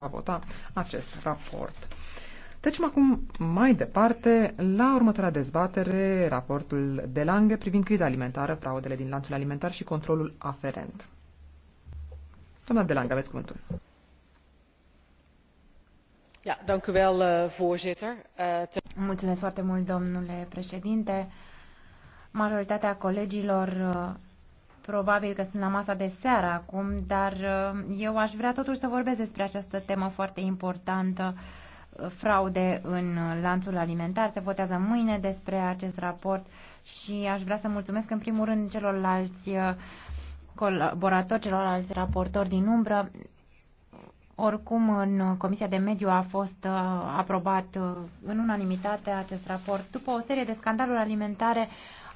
va vota acest raport. Trecem acum mai departe la următoarea dezbatere, raportul de Lange privind criza alimentară, fraudele din lanțul alimentar și controlul aferent. Doamna de Lange, aveți cuvântul. Ja, dank u wel, eh, voorzitter. Eh, Mulțumesc foarte mult, domnule președinte. Majoritatea colegilor eh, Probabil că sunt la masa de seară acum, dar uh, eu aș vrea totuși să vorbesc despre această temă foarte importantă, uh, fraude în uh, lanțul alimentar. Se votează mâine despre acest raport și aș vrea să mulțumesc în primul rând celorlalți colaboratori, celorlalți raportori din umbră. Oricum, în Comisia de Mediu a fost aprobat în unanimitate acest raport. După o serie de scandaluri alimentare,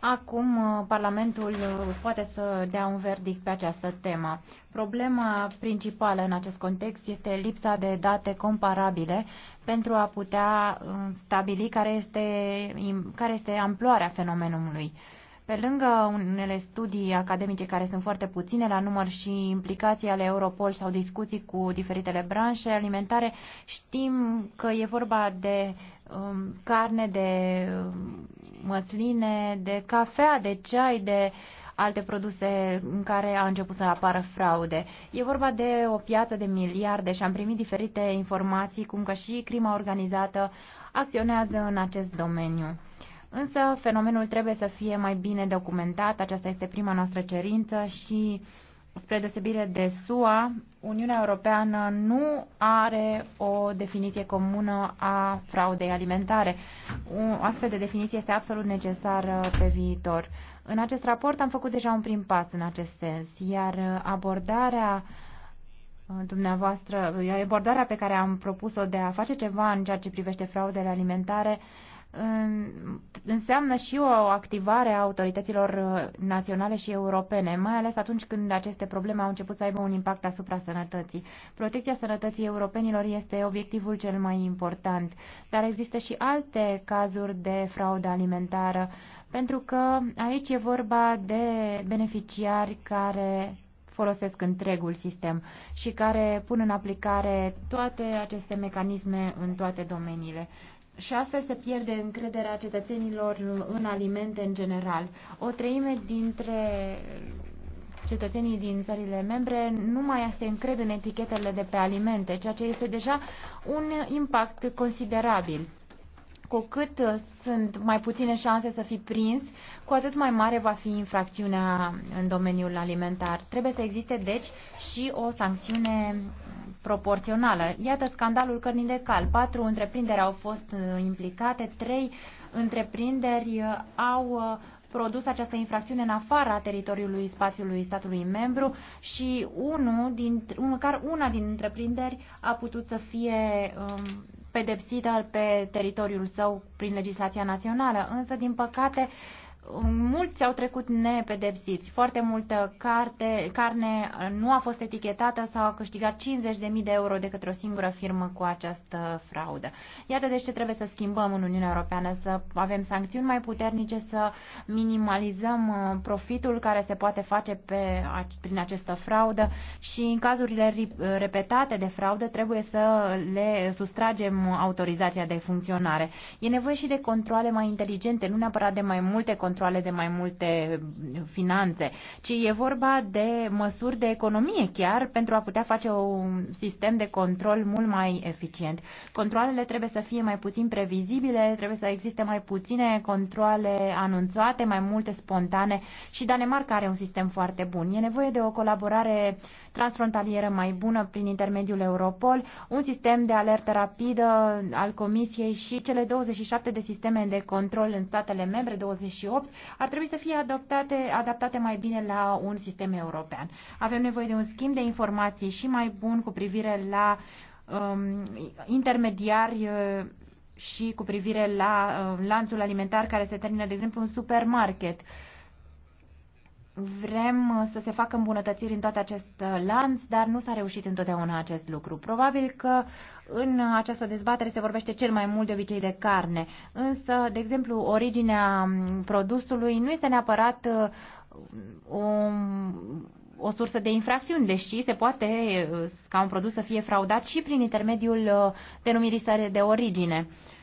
Acum uh, Parlamentul uh, poate să dea un verdict pe această temă. Problema principală în acest context este lipsa de date comparabile pentru a putea uh, stabili care este, care este amploarea fenomenului. Pe lângă unele studii academice care sunt foarte puține la număr și implicații ale Europol sau discuții cu diferitele branșe alimentare, știm că e vorba de um, carne, de um, măsline, de cafea, de ceai, de alte produse în care a început să apară fraude. E vorba de o piață de miliarde și am primit diferite informații cum că și crima organizată acționează în acest domeniu. Însă fenomenul trebuie să fie mai bine documentat, aceasta este prima noastră cerință și spre deosebire de SUA, Uniunea Europeană nu are o definiție comună a fraudei alimentare. O astfel de definiție este absolut necesară uh, pe viitor. În acest raport am făcut deja un prim pas în acest sens, iar uh, abordarea uh, dumneavoastră, abordarea pe care am propus-o de a face ceva în ceea ce privește fraudele alimentare înseamnă și o activare a autorităților uh, naționale și europene, mai ales atunci când aceste probleme au început să aibă un impact asupra sănătății. Protecția sănătății europenilor este obiectivul cel mai important, dar există și alte cazuri de fraudă alimentară, pentru că aici e vorba de beneficiari care folosesc întregul sistem și care pun în aplicare toate aceste mecanisme în toate domeniile și astfel se pierde încrederea cetățenilor în alimente în general. O treime dintre cetățenii din țările membre nu mai se încred în etichetele de pe alimente, ceea ce este deja un impact considerabil cu cât uh, sunt mai puține șanse să fii prins, cu atât mai mare va fi infracțiunea în domeniul alimentar. Trebuie să existe, deci, și o sancțiune proporțională. Iată scandalul cărnii de cal. Patru întreprinderi au fost uh, implicate, trei întreprinderi uh, au produs această infracțiune în afara teritoriului spațiului statului membru și unul din, măcar una din întreprinderi a putut să fie um, pedepsită pe teritoriul său prin legislația națională. Însă, din păcate, mulți au trecut nepedepsiți. Foarte multă carte, carne nu a fost etichetată sau a câștigat 50.000 de euro de către o singură firmă cu această fraudă. Iată deci ce trebuie să schimbăm în Uniunea Europeană, să avem sancțiuni mai puternice, să minimalizăm uh, profitul care se poate face pe, prin această fraudă și în cazurile uh, repetate de fraudă trebuie să le sustragem autorizația de funcționare. E nevoie și de controle mai inteligente, nu neapărat de mai multe controle controle de mai multe finanțe, ci e vorba de măsuri de economie chiar pentru a putea face un sistem de control mult mai eficient. Controlele trebuie să fie mai puțin previzibile, trebuie să existe mai puține controle anunțate, mai multe spontane și Danemarca are un sistem foarte bun. E nevoie de o colaborare transfrontalieră mai bună prin intermediul Europol, un sistem de alertă rapidă al Comisiei și cele 27 de sisteme de control în statele membre, 28 2008 ar trebui să fie adaptate, adaptate mai bine la un sistem european. Avem nevoie de un schimb de informații și mai bun cu privire la um, intermediari uh, și cu privire la uh, lanțul alimentar care se termină, de exemplu, un supermarket. Uh, Vrem uh, să se facă îmbunătățiri în tot acest uh, lanț, dar nu s-a reușit întotdeauna acest lucru. Probabil că în această dezbatere se vorbește cel mai mult de obicei de carne, însă, de exemplu, originea um, produsului nu este neapărat o, uh, um, o sursă de infracțiuni, deși se poate ca un produs să fie fraudat și prin intermediul denumirii sale de origine. Uh,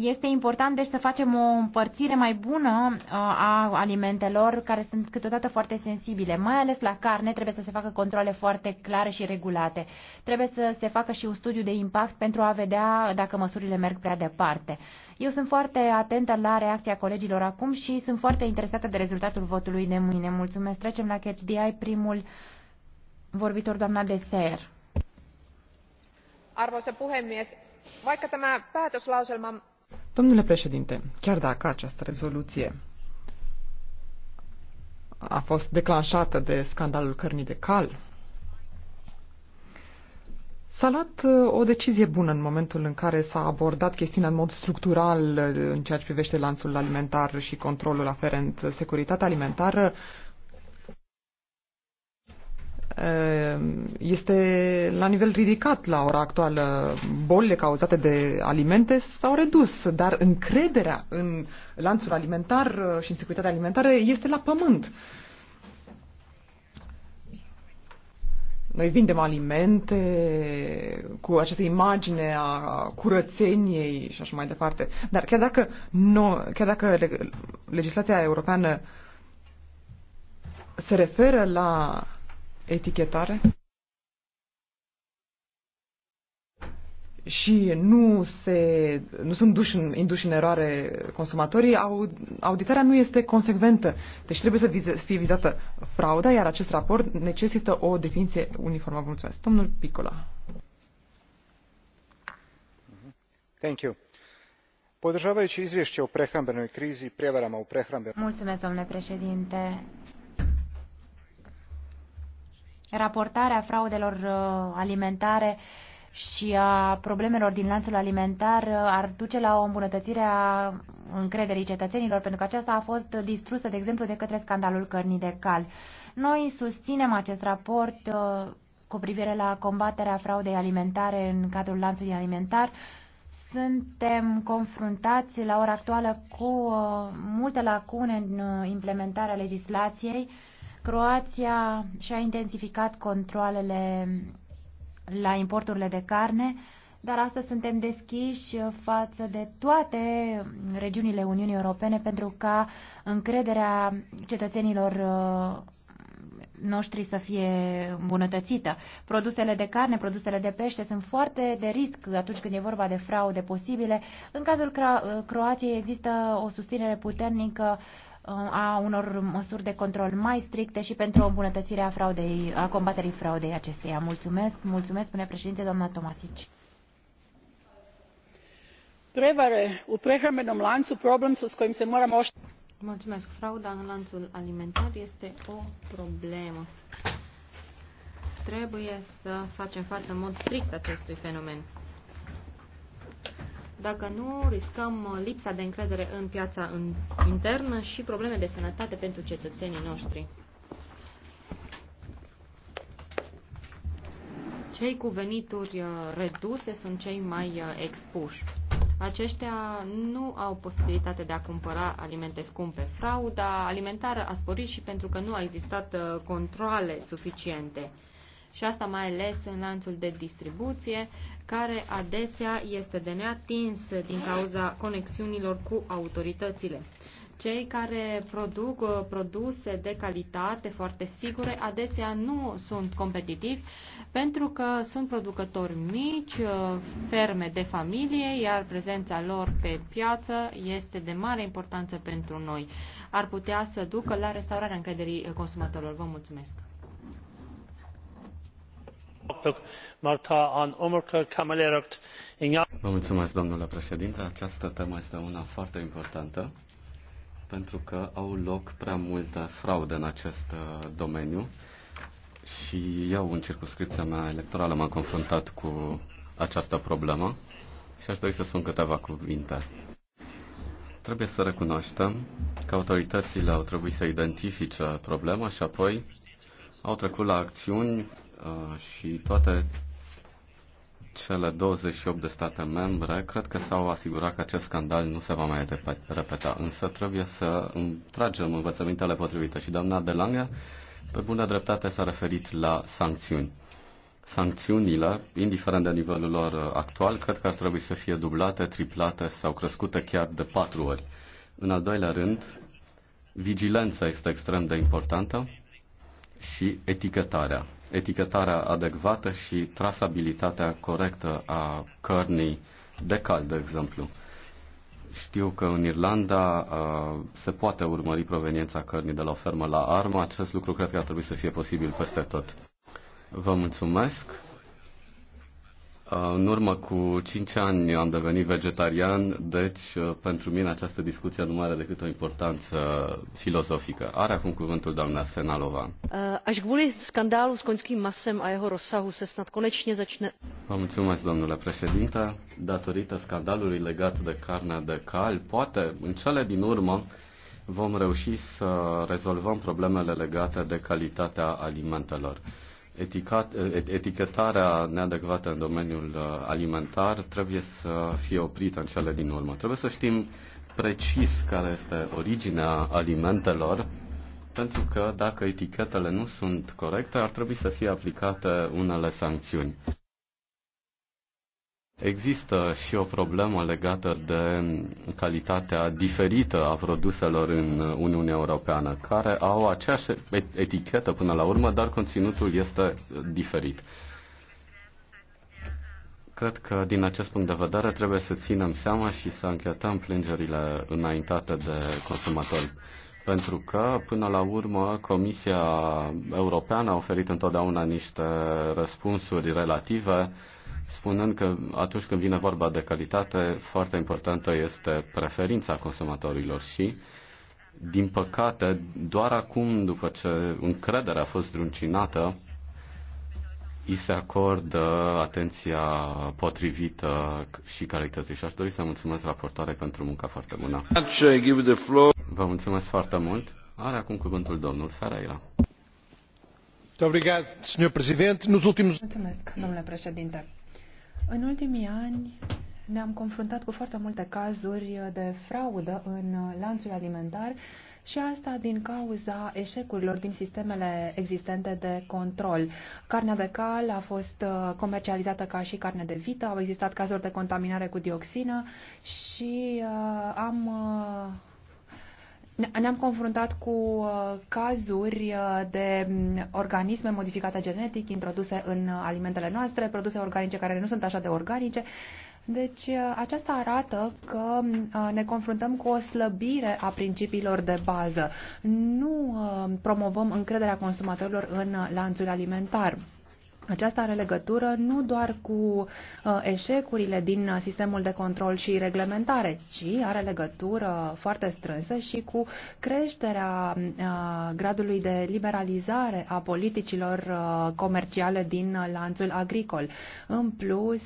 este important deci să facem o împărțire mai bună uh, a alimentelor care sunt câteodată foarte sensibile. Mai ales la carne trebuie să se facă controle foarte clare și regulate. Trebuie să se facă și un studiu de impact pentru a vedea dacă măsurile merg prea departe. Eu sunt foarte atentă la reacția colegilor acum și sunt foarte interesată de rezultatul votului de mâine. Mulțumesc. Trecem la CHDI, primul vorbitor, doamna Deser. Arvoisa puhemies, vaikka tämä päätöslauselma Domnule președinte, chiar dacă această rezoluție a fost declanșată de scandalul cărnii de cal, S-a luat uh, o decizie bună în momentul în care s-a abordat chestiunea în mod structural uh, în ceea ce privește lanțul alimentar și controlul aferent. Uh, securitatea alimentară Ehm, este la nivel ridicat la ora actuală. Bolile cauzate de alimente s-au redus, dar încrederea în lanțul alimentar uh, și în securitatea alimentară este la pământ. Noi vindem alimente cu această imagine a curățeniei și așa mai departe. Dar chiar dacă, no, chiar dacă legislația europeană se referă la etichetare și nu, se, nu sunt duși, induși în eroare consumatorii, auditarea nu este consecventă. Deci trebuie să vize, fie vizată frauda, iar acest raport necesită o definiție uniformă. Vă mulțumesc. Domnul Picola. Thank you. Podržavajući izvješće o prehrambenoj krizi i prijevarama u prehrambenoj... Mulțumesc, domnule președinte raportarea fraudelor uh, alimentare și a problemelor din lanțul alimentar uh, ar duce la o îmbunătățire a încrederii cetățenilor, pentru că aceasta a fost distrusă, de exemplu, de către scandalul cărnii de cal. Noi susținem acest raport uh, cu privire la combaterea fraudei alimentare în cadrul lanțului alimentar. Suntem confruntați la ora actuală cu multe lacune în implementarea legislației Croația și-a intensificat controlele la importurile de carne, dar astăzi suntem deschiși față de toate regiunile Uniunii Europene pentru ca încrederea cetățenilor uh, noștri să fie îmbunătățită. Produsele de carne, produsele de pește sunt foarte de risc atunci când e vorba de fraude posibile. În cazul Croației există o susținere puternică uh, Uh, a unor măsuri de control mai stricte și pentru o îmbunătățire a, fraudei, a combaterii fraudei acesteia. Mulțumesc, mulțumesc, spune președinte, doamna Tomasici. Prevare u prehrambenom lancu problem s kojim se moramo Mulțumesc. Frauda în lanțul alimentar este o problemă. Trebuie să facem față în mod strict acestui fenomen. Dacă nu, riscăm lipsa de încredere în piața internă și probleme de sănătate pentru cetățenii noștri. Cei cu venituri uh, reduse sunt cei mai uh, expuși. Aceștia nu au posibilitatea de a cumpăra alimente scumpe. Frauda alimentară a sporit și pentru că nu au existat uh, controle suficiente și asta mai ales în lanțul de distribuție, care adesea este de neatins din cauza conexiunilor cu autoritățile. Cei care produc uh, produse de calitate foarte sigure adesea nu sunt competitivi pentru că sunt producători mici, uh, ferme de familie, iar prezența lor pe piață este de mare importanță pentru noi. Ar putea să ducă la restaurarea încrederii uh, consumatorilor. Vă mulțumesc! domnule președinte. Această temă este una foarte importantă pentru că au loc prea multe fraude în acest uh, domeniu și eu în circunscripția mea electorală m-am confruntat cu această problemă și aș dori să spun câteva cuvinte. Trebuie să recunoaștem că autoritățile au trebuit să identifice problema și apoi au trecut la acțiuni Uh, și toate cele 28 de state membre cred că s-au asigurat că acest scandal nu se va mai repeta. Însă trebuie să tragem învățămintele potrivite și doamna de Lange pe bună dreptate s-a referit la sancțiuni. Sancțiunile, indiferent de nivelul lor actual, cred că ar trebui să fie dublate, triplate sau crescute chiar de patru ori. În al doilea rând, vigilența este extrem de importantă și etichetarea etichetarea adecvată și trasabilitatea corectă a cărnii de cal, de exemplu. Știu că în Irlanda uh, se poate urmări proveniența cărnii de la o fermă la armă. Acest lucru cred că ar trebui să fie posibil peste tot. Vă mulțumesc. În urmă cu 5 ani am devenit vegetarian, deci pentru mine această discuție nu are decât o importanță filozofică. Are acum cuvântul doamna Senalova. Aș kvůli scandalul s koňským masem a jeho rozsahu se snad konečně začne... Vă mulțumesc, domnule președinte. Datorită scandalului legat de carnea de cal, poate în cele din urmă vom reuși să rezolvăm problemele legate de calitatea alimentelor etichetarea neadecvată în domeniul uh, alimentar trebuie să fie oprită în cele din urmă. Trebuie să știm precis care este originea alimentelor, pentru că dacă etichetele nu sunt corecte, ar trebui să fie aplicate unele sancțiuni. Există și o problemă legată de calitatea diferită a produselor în Uniunea Europeană, care au aceeași etichetă până la urmă, dar conținutul este diferit. Cred că din acest punct de vedere trebuie să ținem seama și să închetăm plângerile înaintate de consumatori. Pentru că, până la urmă, Comisia Europeană a oferit întotdeauna niște răspunsuri relative spunând că atunci când vine vorba de calitate, foarte importantă este preferința consumatorilor și, din păcate, doar acum, după ce încrederea a fost druncinată, îi se acordă atenția potrivită și calității. Și aș dori să mulțumesc raportoare pentru munca foarte bună. Vă mulțumesc foarte mult. Are acum cuvântul domnul Ferreira. Mulțumesc, domnule președinte în ultimii ani ne-am confruntat cu foarte multe cazuri de fraudă în lanțul alimentar și asta din cauza eșecurilor din sistemele existente de control. Carnea de cal a fost uh, comercializată ca și carne de vită, au existat cazuri de contaminare cu dioxină și uh, am uh, ne-am confruntat cu uh, cazuri uh, de mm, organisme modificate genetic introduse în alimentele noastre, produse organice care nu sunt așa de organice. Deci uh, aceasta arată că mm, ne confruntăm cu o slăbire a principiilor de bază. Nu promovăm încrederea consumatorilor în lanțul alimentar. Aceasta are legătură nu doar cu uh, eșecurile din uh, sistemul de control și reglementare, ci are legătură foarte strânsă și cu creșterea uh, gradului de liberalizare a politicilor comerciale din lanțul agricol. În plus,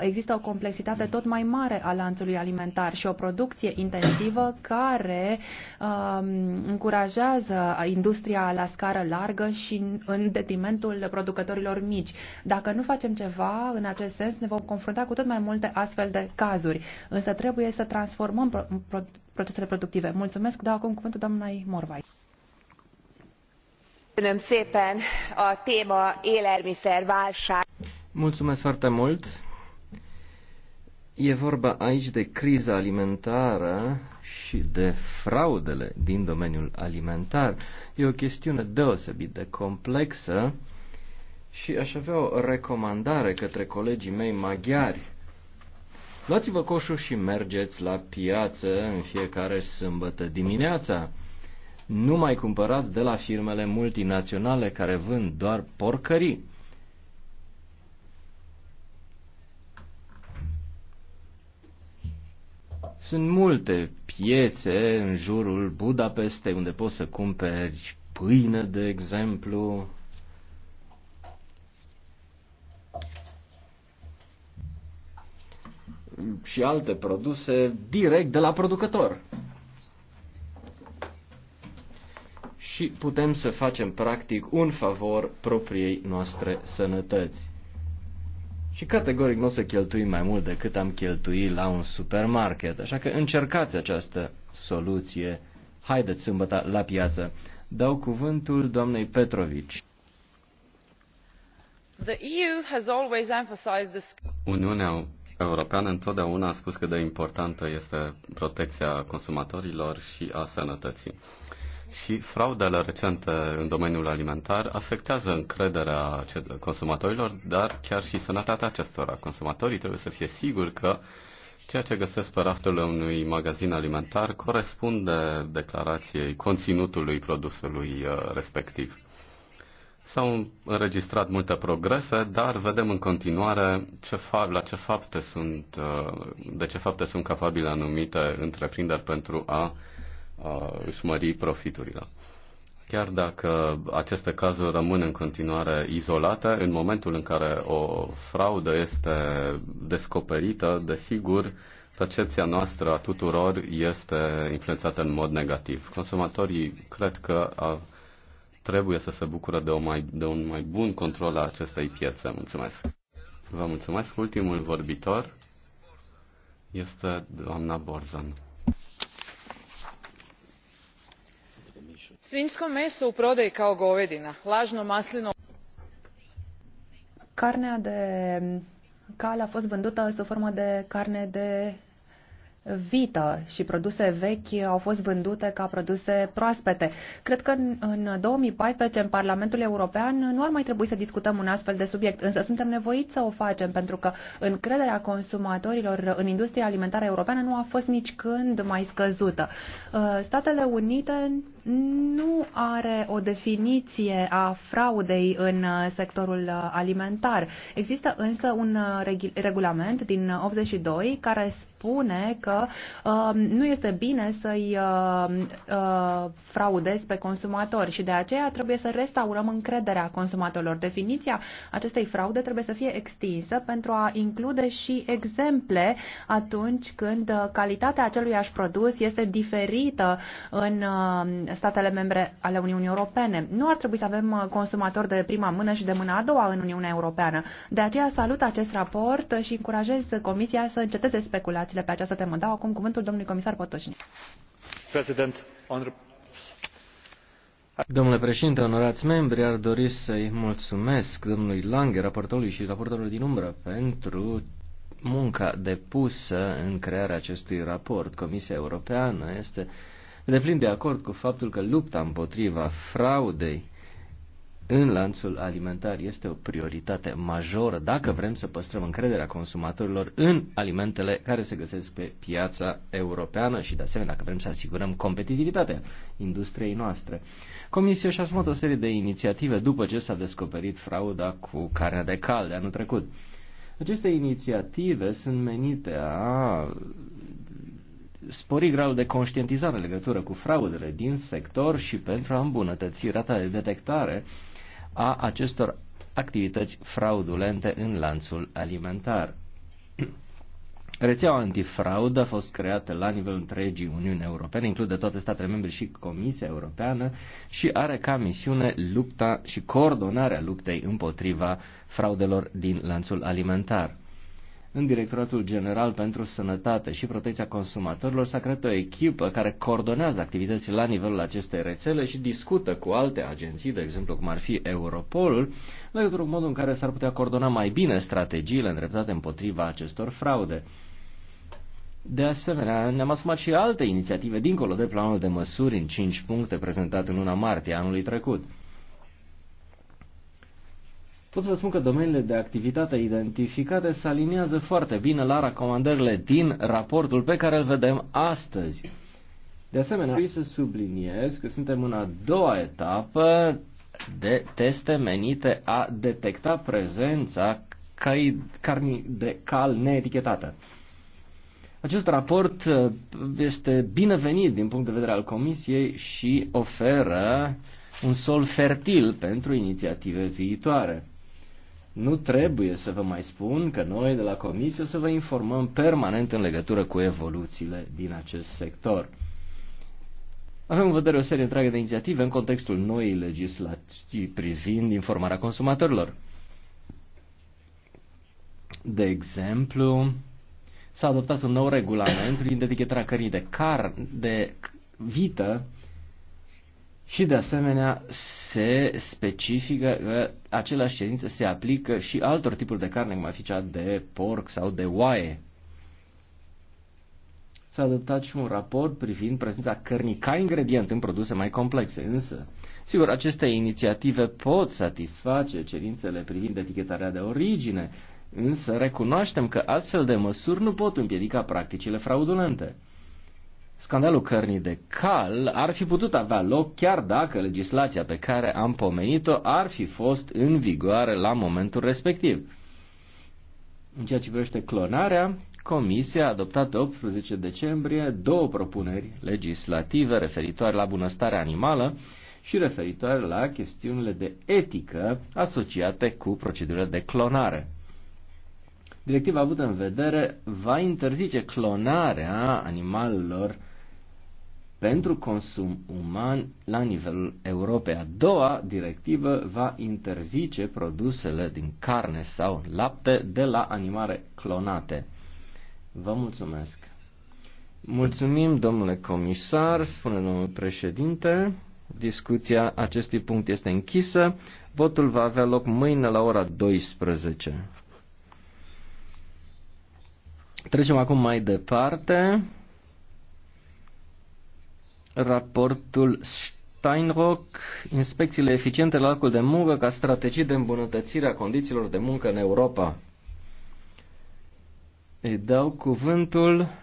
există o complexitate tot mai mare a lanțului alimentar și o producție intensivă care um, încurajează industria la scară largă și în detrimentul producătorilor mici mici. Dacă nu facem ceva în acest sens, ne vom confrunta cu tot mai multe astfel de cazuri. Însă trebuie să transformăm pro pro procesele productive. Mulțumesc, dau acum cuvântul doamnei Morvai. Mulțumesc foarte mult. E vorba aici de criza alimentară și de fraudele din domeniul alimentar. E o chestiune deosebit de complexă și aș avea o recomandare către colegii mei maghiari. Luați-vă coșul și mergeți la piață în fiecare sâmbătă dimineața. Nu mai cumpărați de la firmele multinaționale care vând doar porcării. Sunt multe piețe în jurul Budapestei unde poți să cumperi pâine, de exemplu, și alte produse direct de la producător. Și putem să facem practic un favor propriei noastre sănătăți. Și categoric nu o să cheltuim mai mult decât am cheltuit la un supermarket, așa că încercați această soluție. Haideți sâmbătă la piață. Dau cuvântul doamnei Petrovici. The EU has always emphasized this... Uniunea european întotdeauna a spus că de importantă este protecția consumatorilor și a sănătății. Și fraudele recente în domeniul alimentar afectează încrederea consumatorilor, dar chiar și sănătatea acestora. Consumatorii trebuie să fie siguri că ceea ce găsesc pe raftul unui magazin alimentar corespunde declarației conținutului produsului uh, respectiv. S-au înregistrat multe progrese, dar vedem în continuare ce fa- la ce fapte sunt, uh, de ce fapte sunt capabile anumite întreprinderi pentru a, a își mări profiturile. Chiar dacă aceste cazuri rămân în continuare izolate, în momentul în care o fraudă este descoperită, desigur, percepția noastră a tuturor este influențată în mod negativ. Consumatorii cred că a, trebuie să se bucură de, o mai, de un mai bun control al acestei piețe. Mulțumesc! Vă mulțumesc! Ultimul vorbitor este doamna Borzan. Svinjsko meso u prodaji kao govedina, lažno maslino... Carnea de cal a fost vândută sub formă de carne de vită și produse vechi au fost vândute ca produse proaspete. Cred că în, în 2014 în Parlamentul European nu ar mai trebui să discutăm un astfel de subiect, însă suntem nevoiți să o facem pentru că încrederea consumatorilor în industria alimentară europeană nu a fost nici când mai scăzută. Uh, Statele Unite nu are o definiție a fraudei în uh, sectorul uh, alimentar. Există însă un uh, regulament din 82 care spune că uh, nu este bine să-i uh, uh, fraudezi pe consumatori și de aceea trebuie să restaurăm încrederea consumatorilor. Definiția acestei fraude trebuie să fie extinsă pentru a include și exemple atunci când calitatea aceluiași produs este diferită în uh, statele membre ale Uniunii Europene. Nu ar trebui să avem uh, consumatori de prima mână și de mâna a doua în Uniunea Europeană. De aceea salut acest raport și încurajez Comisia să înceteze speculațiile pe această temă. Dau acum cuvântul domnului comisar Potoșnic. Domnule președinte, onorați membri, ar dori să-i mulțumesc domnului Lange, raportorului și raportorului din umbră, pentru munca depusă în crearea acestui raport. Comisia Europeană este deplin de acord cu faptul că lupta împotriva fraudei în lanțul alimentar este o prioritate majoră dacă vrem să păstrăm încrederea consumatorilor în alimentele care se găsesc pe piața europeană și, de asemenea, dacă vrem să asigurăm competitivitatea industriei noastre. Comisia și-a asumat o serie de inițiative după ce s-a descoperit frauda cu carnea de cal de anul trecut. Aceste inițiative sunt menite a spori gradul de conștientizare în legătură cu fraudele din sector și pentru a îmbunătăți rata de detectare a acestor activități fraudulente în lanțul alimentar. Rețeaua antifraudă a fost creată la nivelul întregii Uniuni Europene, include toate statele membre și Comisia Europeană și are ca misiune lupta și coordonarea luptei împotriva fraudelor din lanțul alimentar în Directoratul General pentru Sănătate și Protecția Consumatorilor s-a creat o echipă care coordonează activitățile la nivelul acestei rețele și discută cu alte agenții, de exemplu cum ar fi Europolul, legătură cu modul în care s-ar putea coordona mai bine strategiile îndreptate împotriva acestor fraude. De asemenea, ne-am asumat și alte inițiative dincolo de planul de măsuri în 5 puncte prezentat în luna martie anului trecut pot să spun că domeniile de activitate identificate se aliniază foarte bine la recomandările din raportul pe care îl vedem astăzi. De asemenea, trebuie să subliniez că suntem în a doua etapă de teste menite a detecta prezența cai carni de cal neetichetată. Acest raport uh, este binevenit din punct de vedere al Comisiei și oferă un sol fertil pentru inițiative viitoare. Nu trebuie să vă mai spun că noi de la Comisie o să vă informăm permanent în legătură cu evoluțiile din acest sector. Avem în vedere o serie întreagă de inițiative în contextul noii legislații privind informarea consumatorilor. De exemplu, s-a adoptat un nou regulament privind etichetarea cărnii de, car- de vită și de asemenea se specifică că aceleași cerințe se aplică și altor tipuri de carne, cum ar fi cea de porc sau de oaie. S-a adoptat și un raport privind prezența cărnii ca ingredient în produse mai complexe, însă, sigur, aceste inițiative pot satisface cerințele privind etichetarea de origine, însă recunoaștem că astfel de măsuri nu pot împiedica practicile fraudulente. Scandalul cărnii de cal ar fi putut avea loc chiar dacă legislația pe care am pomenit-o ar fi fost în vigoare la momentul respectiv. În ceea ce privește clonarea, Comisia a adoptat pe 18 decembrie două propuneri legislative referitoare la bunăstarea animală și referitoare la chestiunile de etică asociate cu procedurile de clonare. Directiva avută în vedere va interzice clonarea animalelor pentru consum uman la nivelul Europei. A doua directivă va interzice produsele din carne sau lapte de la animale clonate. Vă mulțumesc! Mulțumim, domnule comisar, spune domnul președinte. Discuția acestui punct este închisă. Votul va avea loc mâine la ora 12. Trecem acum mai departe. Raportul Steinrock, inspecțiile eficiente la locul de muncă ca strategii de îmbunătățire a condițiilor de muncă în Europa. Îi dau cuvântul